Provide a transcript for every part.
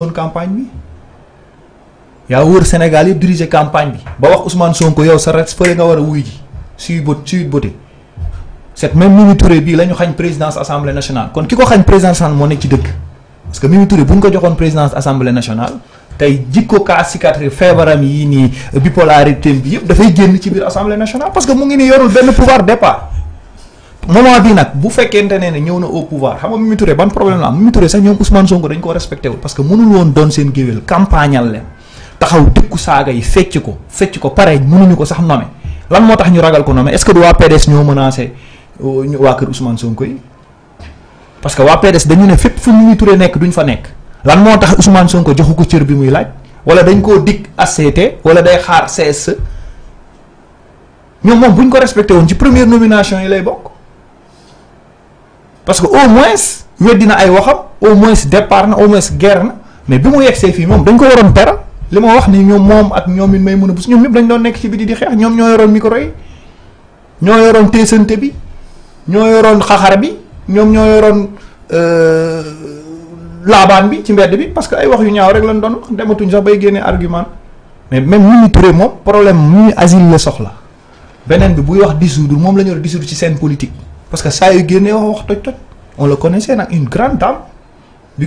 son campagne bi ya wour senegal yi diriger campagne bi ba wax Ousmane Sonko yow ya, sa rat fële nga wara wuy ji suy bot suy boté cette même Mimi Touré bi lañu xagn présidence assemblée nationale kon kiko xagn présidence mo nekk ci dëgg parce que Mimi Touré buñ ko joxone présidence assemblée nationale tay jikko kaa cicatrice feebaram yi ni bipolarité bi da fay génn ci bir assemblée nationale parce que mu ngi ni yorul ben pouvoir départ moment bii nag bu fekkente ne ne ñëw na au pouvoir xam nga mu Touré ban problème la am Mimi Touré sax ñoom Ousmane Sonko dañ koo respecté wul parce que mënul woon doon seen géwél campagnal leen taxaw dëkku yi fecc ko fecc ko pare mënuñu ko sax nommé lan moo tax ñu ragal ko nommé est-ce que du waa PDS ñoo menacé euh, waa kër Sonko parce que waa PDS dañu ne fépp fu Mimi Touré nekk duñ fa nekk lan moo tax Ousmane Sonko joxu ko cër bi muy laaj wala dañ koo dig ACT wala day xaar CS e? ñoom moom buñ ko respecté woon ci première nomination yi lay bokk. parce que au moins weddi na ay waxam au moins départ na au moins guerre na mais bi mu yegg yegsee fii moom dañ ko waroon teral li ma wax ni ñoom moom ak ñoom may mën a bés ñoom ñëpp dañ doon nekk ci biti di xeex ñoom ñoo yoroon micro ñoo yoroon teesante bi ñoo yoroon xaxar bi ñoom ñoo yoroon euh, laabaan bi ci mbedd bi parce que ay wax yu ñaaw rek lañ doon wax dematuñ sax bay génnee argument mais même Mimi Touré moom problème Mimi asile la soxla beneen bi buy wax dissoudre moom la ñu war a ci seen politique. parce que ça a été wax on le connaissait une grande dame il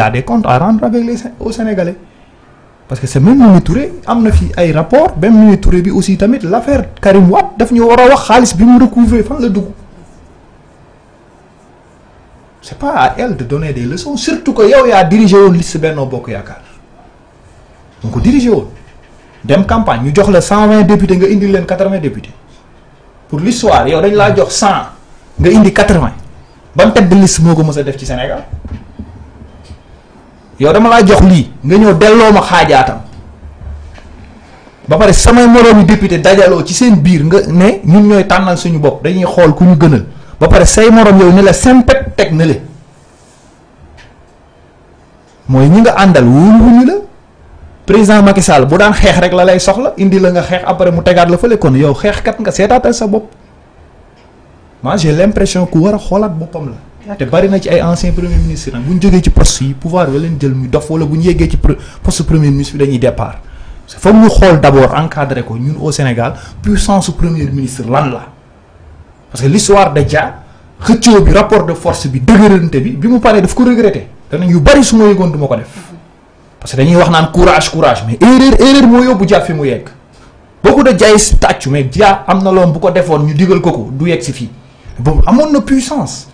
a des comptes à rendre avec les Sénégalais parce que c'est même Mimi Touré a un fi ay rapport même Mimi Touré aussi tamit l'affaire Karim Wade daf a wax xaalis bi mu recouvrer fan la c'est pas à elle de donner des leçons surtout que yow ya dirigé woon liste Benno Bokk yakar donc dirigé Dans campagne ñu jox la 120 députés nga indi leen 80 députés. pour l'histoire yow dañ laa jox cent nga indi quatre-vingt ban tête de moo ko mës a def ci Sénégal yow dama laa jox lii nga ñëw delloo ma xaajaatam ba pare samay moroomi député dajaloo ci seen biir nga ne ñun ñooy tànnal suñu bopp dañuy xool ku ñu gënal ba pare say moroom yow ni la sempet teg na le mooy ñi nga àndal wóolu wuñu la président Macky Sall bu daan xex rek la lay soxla indi la nga xex après mu tegaat la fële kon yow kat nga sétatal sa bop moi j'ai l'impression ku wara xolat bopam la. te bari na ci ay ancien premier ministre nak buñu ñu ci poste yi pouvoir wala ya ñu jël muy dof wala buñu ñu ci poste premier ministre dañuy départ foog ñu xol d'abord encadrer ko ñun au Sénégal puissance premier ministre lan la parce que l'histoire de Dia xëccio bi rapport de force bi dëgërante bi bi mu paré daf ko regretté danañ yu bari suma ma duma ko def. parce que dañuy wax naan courage courage mais erreur erreur moo yóbbu Dia fi mu yegg beaucoup de Diays tàccu mais jaar am na loom bu ko defoon ñu digal ko ko du yegg si fii boobu amoon na puissance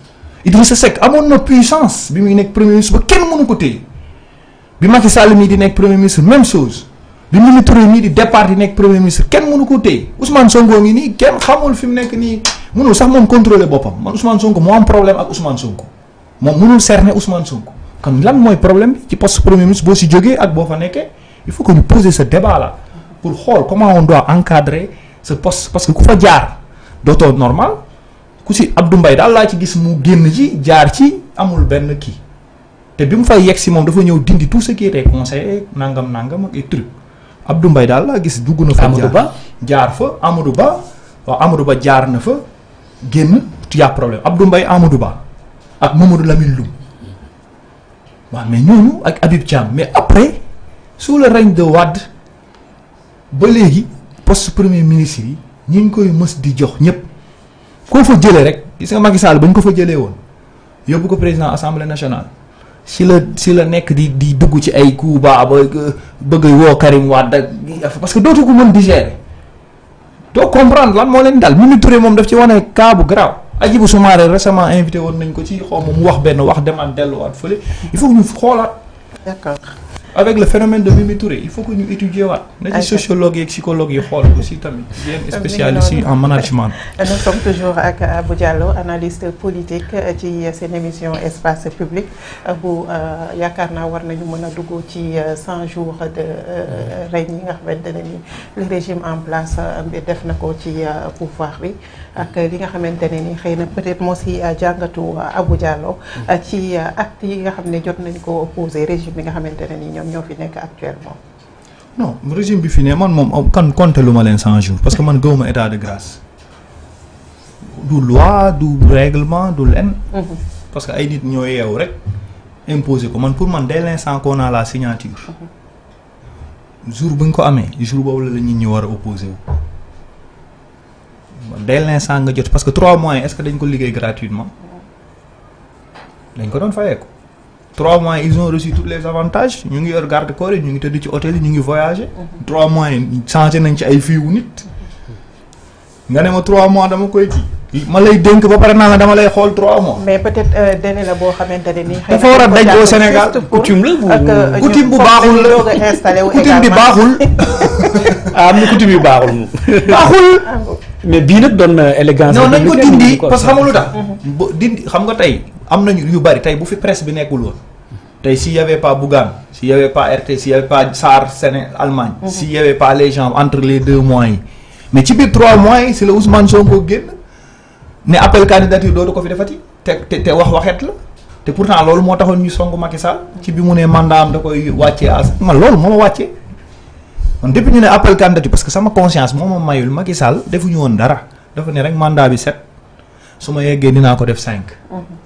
sa Seck amoon na puissance bi mu nekk premier ministre ba kenn mënu ko téye bi Macky Sall mii di nekk premier ministre même chose bi Mimi Touré mii di départ di nekk premier ministre kenn mënu ko téye Ousmane Sonko ngi nii kenn xamul fi mu nekk nii mënul sax moom contrôler boppam man Ousmane Sonko moo am problème ak Ousmane Sonko moom mënul cerner Ousmane Sonko. kon lan mooy problème bi ci poste premier ministre boo si jógee ak boo fa nekkee il faut que ñu poser ce débat pour xool comment on doit encadrer ce poste parce que ku fa jaar dootoo normal ku si Abdou Mbaye daal laa ci gis mu génn ci jaar ci amul benn kii te bi mu fay yegg si moom dafa ñëw dindi tout ce qui était nangam nangam ak ay truc Abdou daal laa gis dugg na fa. Amadou Ba jaar fa Amadou Ba waaw Amadou Ba jaar na fa génn tu y a problème Abdou mbay Amadou Ba ak Mamadou Lamine Loum. mais ñooñu ak Habib Thiam mais après sous le règne de Wade ba léegi poste premier ministre yi ñi ñu koy mës di jox ñëpp koo fa jëlee rek gis nga Macky Sall ba ñu ko fa jëlee woon yóbbu ko président assemblée nationale si le, si le nekk di di dugg ci ay coups bas ba bëgg woo Karim Wade parce que dootu ko mën di gérer doo comprendre lan moo leen dal Mimi Touré moom daf ci wane cas bu garaaw. Hadjibou Soumaré récemment invité on nañ ko ci xaw mu wax wax il faut que ñu xolat d'accord avec le phénomène de Mimi Touré il faut que ñu étudier wat na ci sociologue et psychologue yi xol aussi tamit. Bien spécialiste en management. nous sommes toujours avec Abou Diallo analyste politique ci l'émission émission espace public bu euh, y war nañu mëna a dugg ci 100 euh, jours de euh, règne yi nga le régime en place def nako ci pouvoir bi. ak li nga xamante ne xëy na peut-être moo si euh, jàngatu euh, Abou Diallo mm-hmm. ci euh, acte yi nga xam ne jot nañ ko opposé régime bi nga xamante ne ni ñoom ñoo fi nekk actuellement non régime bi fi ne man moom kan compté lu ma leen 100 jours parce que man gëwuma état de grâce du loi du règlement du lenn mm-hmm. parce que ay nit ñoo yeewu rek imposé ko man pour man dès l'instant qu'on a la signature mm-hmm. jour bu ñu ko amee jour boobu la la nit ñi war a opposé wu dès l'instant que parce que trois mois est-ce que dañ ko gratuitement dañ ko trois mois ils ont reçu tous les avantages ñu ngi regardé le corps ñu ngi tëdd ci hôtel ñu ngi trois mois ils changé nañ ci ay fii nit nga ne trois mois dama koy ci ma lay denk ba dama lay trois mois. mais peut-être euh, dene la bo xamante ni dafa wara daj au Sénégal coutume la euh, coutume bu baaxul la coutume bi ah, coutume mais bii nag doon na élégance nañ ko dindi parce que xam nga lu tax ba dindi xam nga tey am na ñu yu bari tey bu fi presse bi nekkul woon tey si y avait pas Bougane si y avait pas RT s'il y avait pas Saar Sénégal Allemagne s'il y mhm. pas les gens entre les deux mois yi mais ci biir trois mois yi si la Ousmane Sonko génn ne appel candidature dootu ko fi defati te te te wax waxet la te pourtant loolu moo taxoon ñu song Macky Sall ci bii mu ne mandat am da koy wàccee as man loolu moo wàccee man depuis ñu né appel candidature parce que sama conscience moma ma mayul Macky Sall ñu won dara dafa né rek mandat bi set suma ma ya dina ko def 5.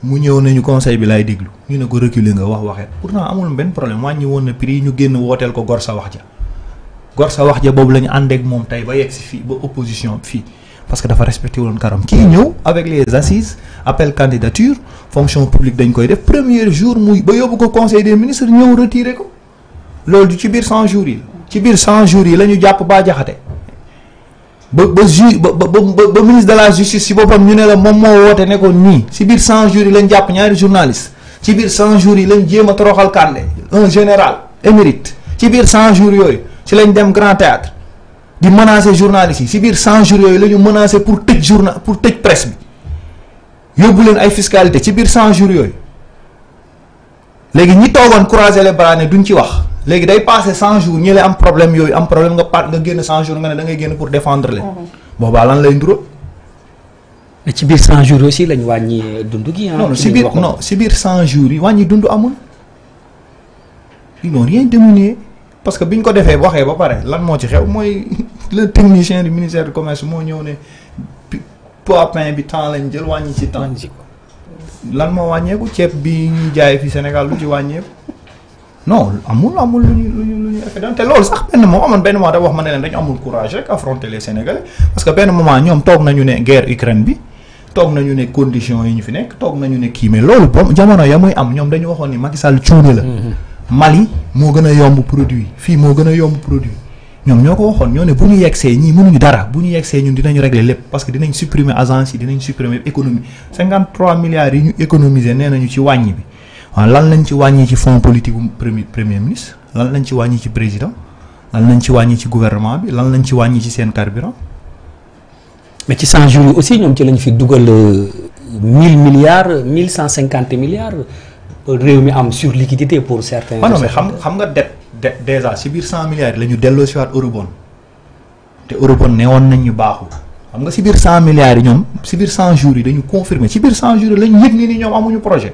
mu ñëw nañu conseil bi lay déglu ñu né ko reculer nga wax waxé pourtant amul ben problème wàññi won na prix ñu génn wotel ko gor sa wax ja gor sa wax ja bobu lañu andé ak mom tay ba yex fi ba opposition fi parce que dafa respecté woon karam ki ñëw avec les assises appel candidature fonction publique dañ koy def premier jour muy ba yobu ko conseil des ministres ñëw retirer ko du ci bir 100 jours ci biir 100 jours yi la ñu bah ba ju ba ba ministre de la justice si boppam ñu ne la moom moo woote ne ko nii si biir 100 jours yi ñaari journaliste ci biir jours yi lañ jéem toroxal un général émérite ci biir cent jours yooyu si lañ dem grand théâtre di menacer journalistes yi si biir jours yooyu pour journal pour presse bi fiscalité ci ñi les duñ léegi day passé cent jours ñi lay am problème yooyu am problème nga part nga génn cent jours nga ne da ngay génn pour défendre leen. Mhm. boobaa lan lay nduro. mais ci biir cent jours aussi lañ wàññi dund gi. Ah, non si biir non si biir cent jours yi wàññi dund amul. ils n'ont rien diminué parce que bi ñu ko defee waxee ba pare lan moo ci xew mooy le technicien du ministère du commerce moo ñëw ne poids pain bi temps lañ jël wàññi ci temps. lan moo wàññeeku ceeb bi ñuy jaay fi Sénégal lu ci wàññeeku. non amul amul lu ñu lu ñu lu ñu effet te loolu sax benn moom amoon benn moment da wax ma ne leen dañu amul courage rek affronter les sénégalais parce que benn moment ñoom toog nañu ne guerre Ukraine bi toog nañu ne condition yi ñu fi nekk toog nañu ne kii mais loolu boobu jamono ya muy am ñoom dañu waxoon ni Macky Sall cuune la. Mm-hmm. Mali moo gën a yomb produit fii moo gën a yomb produit ñoom ñoo ko waxoon ñoo ne bu ñu yegsee ñii mënuñu dara bu ñu yegsee ñun dinañu régler lépp que dinañ supprimer agence yi dinañ supprimer économie 53 milliards yi ñu économiser nee nañu ci wàññi bi. waaw lan lañ fonds politique premier premier ministre lan président lan gouvernement bi carburant. mais ci 100 jours aussi nous ci lañ fi 1000 euh, milliards 1150 milliards euh, sur liquidité pour certains. Ah non mais xam xam nga déjà si 100 milliards on avons delloo si waat eurobond ne woon xam nga si biir 100 milliards a biir 100 jours yi dañu confirmer ci 100 jours yi lañ un pas projet.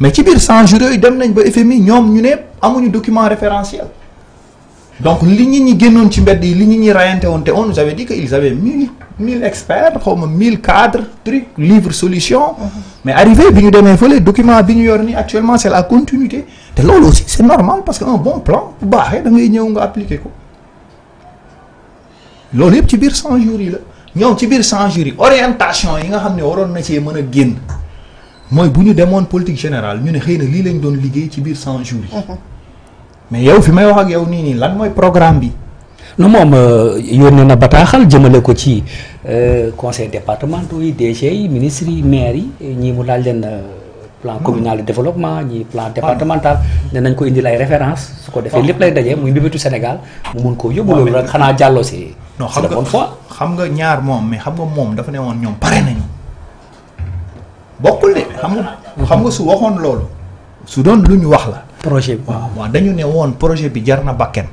mais ci biir sans jours yooyu dem nañ ba FMI ñoom ñu ne amuñu document référentiel donc li ñu ñi génnoon ci mbedd yi li ñu ñi rayante woon te on nous avait dit que ils avaient mille mille experts xaw ma mille cadres truc livre solution mhm. mais arrivé bi ñu demee fële document bi ñu yor nii actuellement c'est la continuité te loolu aussi c'est normal parce que un bon plan bu baaxee da ngay ñëw nga appliquer ko loolu yëpp ci biir sans jours yi la ñoom ci biir sans jours yi orientation yi nga xam ne waroon na cee mën a génn mooy bu ñu demoon politique général ñu ne xëy na lii lañ doon liggéey ci biir 100 jours yi. Mhm. mais yow fi may wax ak yow nii nii lan mooy programme bi. non moom euh, yónnee na bataaxal jëmale ko ci euh, conseil départementaux yi ministres yi maires yi ñii mu laaj leen. Euh, plan communal de développement ñii plan départemental. ne nañ ko indil ay références. su ko defee ah. lépp lay daje muy mbébétu Sénégal mu mun koo yóbbu loolu rek xanaa jàlloo si. non xam nga xam nga ñaar moom mais xam nga moom dafa ne woon ñoom pare nañu. bokkul de xam nga xam nga su waxoon loolu su doon lu ñu wax la. projet bi waaw waaw dañu ne woon projet bi jar na bakken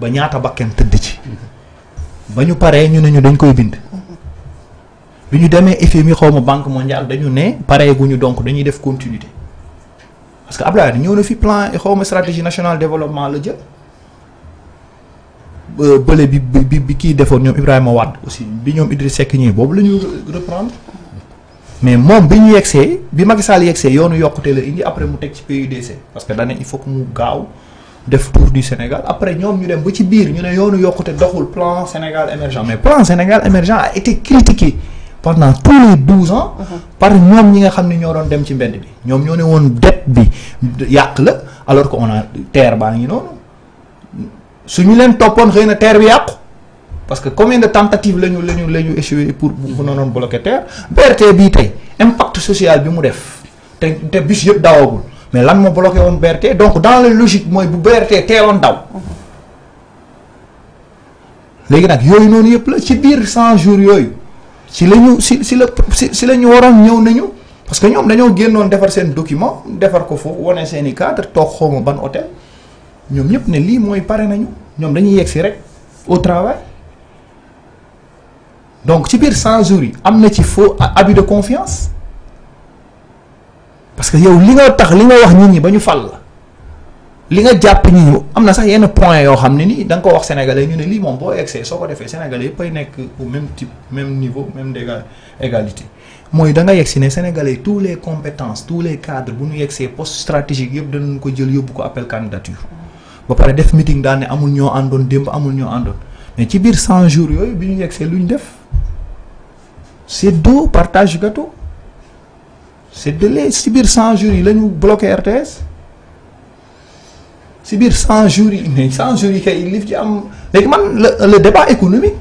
ba ñaata bakken tëdd ci ba ñu paree ñu ne ñu dañ koy bind. bi ñu demee mi xaw ma banque mondiale dañu ne paree gu ñu donc dañuy def continuité parce que Abdoulaye ñëw na fi plan xaw ma stratégie nationale développement la jël. bële bi bi kii defoon ñoom Ibrahima Wade aussi bi ñoom Idriss Seck ñii boobu la ñu reprendre. mais moom bi ñu yegsee bi Macky Sall yegsee yoonu yokkute la indi après mu teg ci PUDC parce que dane il faut que mu gaaw def tour du Sénégal après ñoom ñu dem ba ci biir ñu ne yoonu yokkute doxul plan Sénégal émergent mais plan Sénégal émergent a été critiqué pendant tous les douze ans mhm. par ñoom ñi nga xam ne ñoo doon dem ci mbedd bi ñoom ñoo ne woon dette bi yàq la alors que on a terre baa ngi noonu suñu leen toppoon xëy na teer bi yàqu parce que combien de tentatives lañu lañu lañu échoué pour bu noonu bloqué terre BRT bii tey impact social bi mu def te te bus yëpp dawagul mais lan moo bloqué woon BRT donc dans la logique mooy bu BRT teeloon daw. léegi nag yooyu noonu yëpp la ci biir 100 jours yooyu si la si si la si si la waroon ñëw nañu parce que ñoom dañoo génnoon defar seen document defar ko foofu wane seen i cadre toog xawma ban hôtel ñoom ñëpp ne lii mooy pare nañu ñoom dañuy yegg si rek au travail. donc ci biir 100 jours il de confiance parce que yow li nga tax li nga wax nit ñi bañu li nga point ko wax sénégalais ñu sénégalais au même type même niveau même égalité da nga tous les compétences tous les cadres bu ñu yexé poste stratégique yépp Tu ko jël appel candidature meeting amul mais ci biir 100 jours yoy bi ñu def c'est partages partage gâteau C'est de les 100 sans jury là nous bloquer RTS si sans jury mais sans jury il le débat économique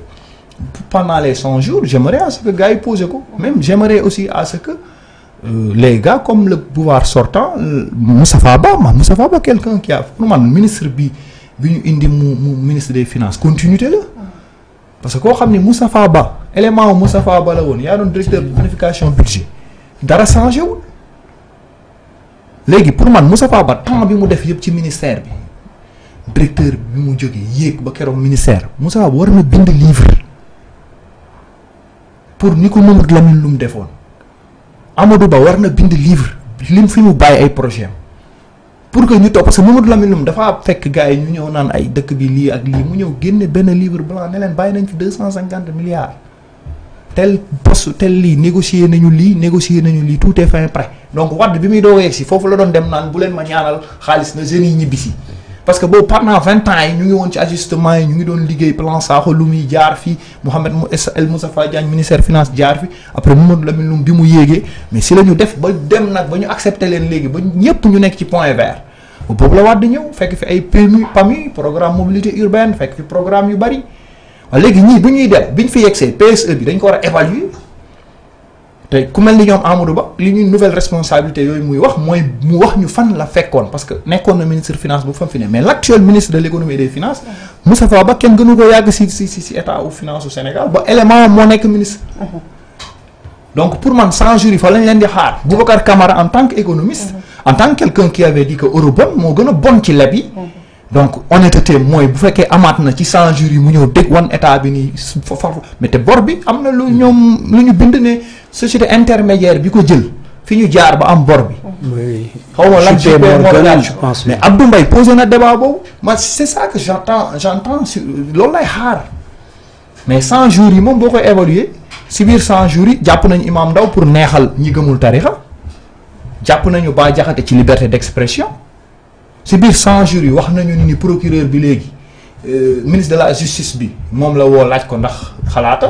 pendant les 100 jours j'aimerais à ce que gars posent même j'aimerais aussi à ce que euh, les gars comme le pouvoir sortant euh, Moussa Faba, Moussa quelqu'un qui a pour man ministre ministre des finances continuité là. parce que koo xam élément wu Moustapha Ba la woon yaa doon directeur planification budget dara changé wul léegi pour man Moustapha bi mu def yëpp ci ministère bi directeur bi mu jógee yéeg ba keroog ministère Moustapha Ba war na bind livre pour ni ko Mamadou Lamine lu mu defoon Amadou Ba war na bind livre lim fi mu bàyyi ay projet am pour que ñu topp parce que Mamadou Lamine Loum dafa fekk gaa yi ñu ñëw naan ay dëkk bi lii ak lii mu ñëw génne benn livre blanc ne leen bàyyi nañ fi deux cent cinquante milliards. tel poste tel li négocier nañu li négocier nañu li tout est fin prêt donc wad bi mi do yeeg fofu la doon dem nan bu len ma ñaanal xaliss na jeunes yi parce que bo pendant 20 ans ñu ngi won ci ajustement ñu ngi doon liggéey plan Sakho lu mi jaar fi Mouhamed El moussafa Diagne ministère finance jaar fi après Mamadou Lamine Loum bi mu yégué mais si la ñu def ba dem nak ba ñu accepter len légui ba ñepp ñu nekk ci point vert boobu la wad ñëw fekk fi ay permis PAMU programme mobilité urbaine fekk fi programme yu bari waaw ah, léegi ñii bu ñuy fi yegsee PSE bi dañ ko évaluer ku nouvelle responsabilité Ils muy wax la fête. parce que nekkoon le ministre finance bu fam fini mais l'actuel ministre de l'économie et des finances il Ba sait gënu ko yàgg si si si état ou finance au Sénégal ba élément moo nekk ministre. Uh-huh. donc pour moi, sans jury fa lañ leen di xaar Boubacar Camara en tant qu'économiste, uh-huh. en tant que quelqu'un qui avait dit que euro bon il a bon ci leb donc honnêteté mooy bu fekkee amaat na ci 100 jours yi mu ñëw dégg wan état bi nii mais te bor bi am na lu hmm. ñoom lu ñu bind ne société intermédiaire bi ko jël fi ñu jaar ba am bor bi. xaw ma lan mais Abdou mbay posé na débat boobu. ma c'est ça que j'entends j'entends si lay xaar mais sans jury yi boko évaluer si biir sans jury japp nañ Imam Ndaw pour neexal ñi gëmul tarixa japp nañu ba Diakhaté ci liberté d'expression. si biir censure yi wax nañu ni procureur bi léegi ministre de la justice bi moom la woo laaj ko ndax xalaata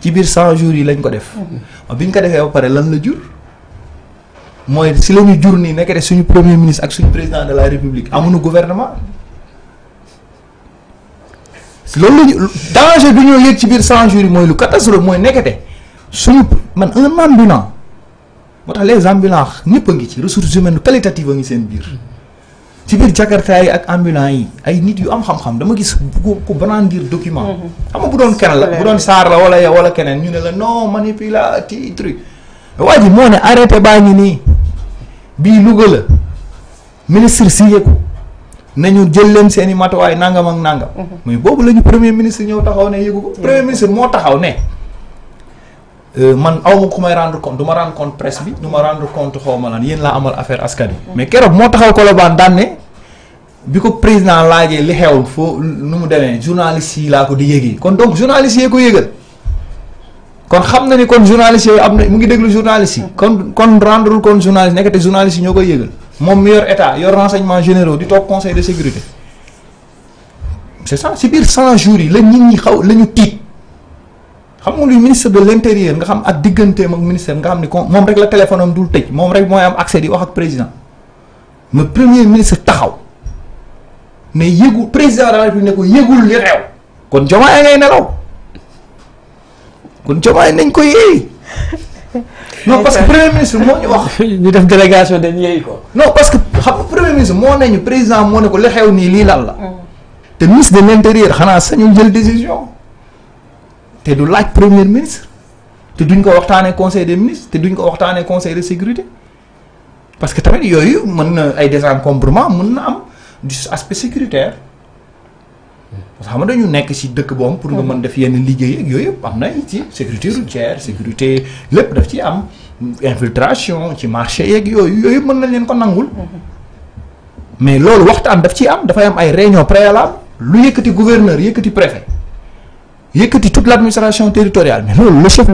ci biir 100 jours yi lañ ko def. Mhm. bi ñu ko defee ba pare lan la jur. mooy si la ñu jur nii nekkete suñu premier ministre ak suñu président de la république amuñu gouvernement. loolu la ñu danger bi ñoo yëg ci biir 100 jours yi mooy lu catastrophe mooy nekkete suñu man un ambulant moo tax les ambulants ñëpp a ngi ci ressources humaines qualitatives a ngi seen biir. ci bir jakarta yi ak ambulance yi ay nit yu am xam-xam dama gis ko brandir document mhm. xam bu doon kenn la bu doon sar la wala ya, wala keneen ñu ne la non manipulati truc waji mo ne arrêté ba ngi nii bii la ministre si ko nañu jël leen seeni matuwaay nangam ak nangam muy mhm. boobu lañu premier ministre ñëw taxaw ne yëgu mhm. premier ministre moo taxaw ne euh, man awma ku may rendre compte duma rendre compte presse bi duma rendre compte lan amal affaire askan yi mais kérok moo taxaw ko la baan daan bi ko président laajee li xew foo nu mu demee journaliste yi laa ko di yëgee kon donc journaliste yee ko yëgal kon xam na ni kon journaliste yooyu am na mu ngi déglu journaliste yi. kon kon rendrewul kon journaliste nekk te journaliste yi ñoo koy yëgal. moom mi yor état yor renseignement généraux di toog conseil de sécurité c'est ça si biir 100 jours yi la nit ñi xaw la ñu tiit xam nga luy ministre de l'intérieur nga xam ak digganteem ak ministère nga xam ni kon moom rek la téléphone am dul moom rek mooy am accès di wax ak président mais premier ministre taxaw. mais yëgu président de la République ne ko yëgul li xew kon jomaay ngay nelaw kon jomaay nañ koy yeeyi non parce que premier ministre moo ñu wax. ñu def délégation dañ yeeyi ko. non parce que xam nga premier ministre ne ñu président moo ne ko li xew nii lii lan la. Mm. te ministre de l'intérieur xanaa sañu jël décision te du laaj premier ministre te duñ ko waxtaanee conseil des ministres te duñ ko waxtaanee conseil de sécurité parce que tamit yooyu mën na ay désencombrement mën na am. du aspect sécuritaire parce que xam nga dañu nekk si dëkk boom pour nga mën def yenn liggéey ak yooyu yëpp am na ci sécurité routière sécurité lépp daf ci am infiltration ci marché yeeg yooyu yooyu mën nañ leen ko nangul mais loolu waxtaan daf ci am dafay am ay réunion préalable lu yëkkati gouverneur yëkkati préfet yëkkati toute l'administration territoriale mais loolu le chef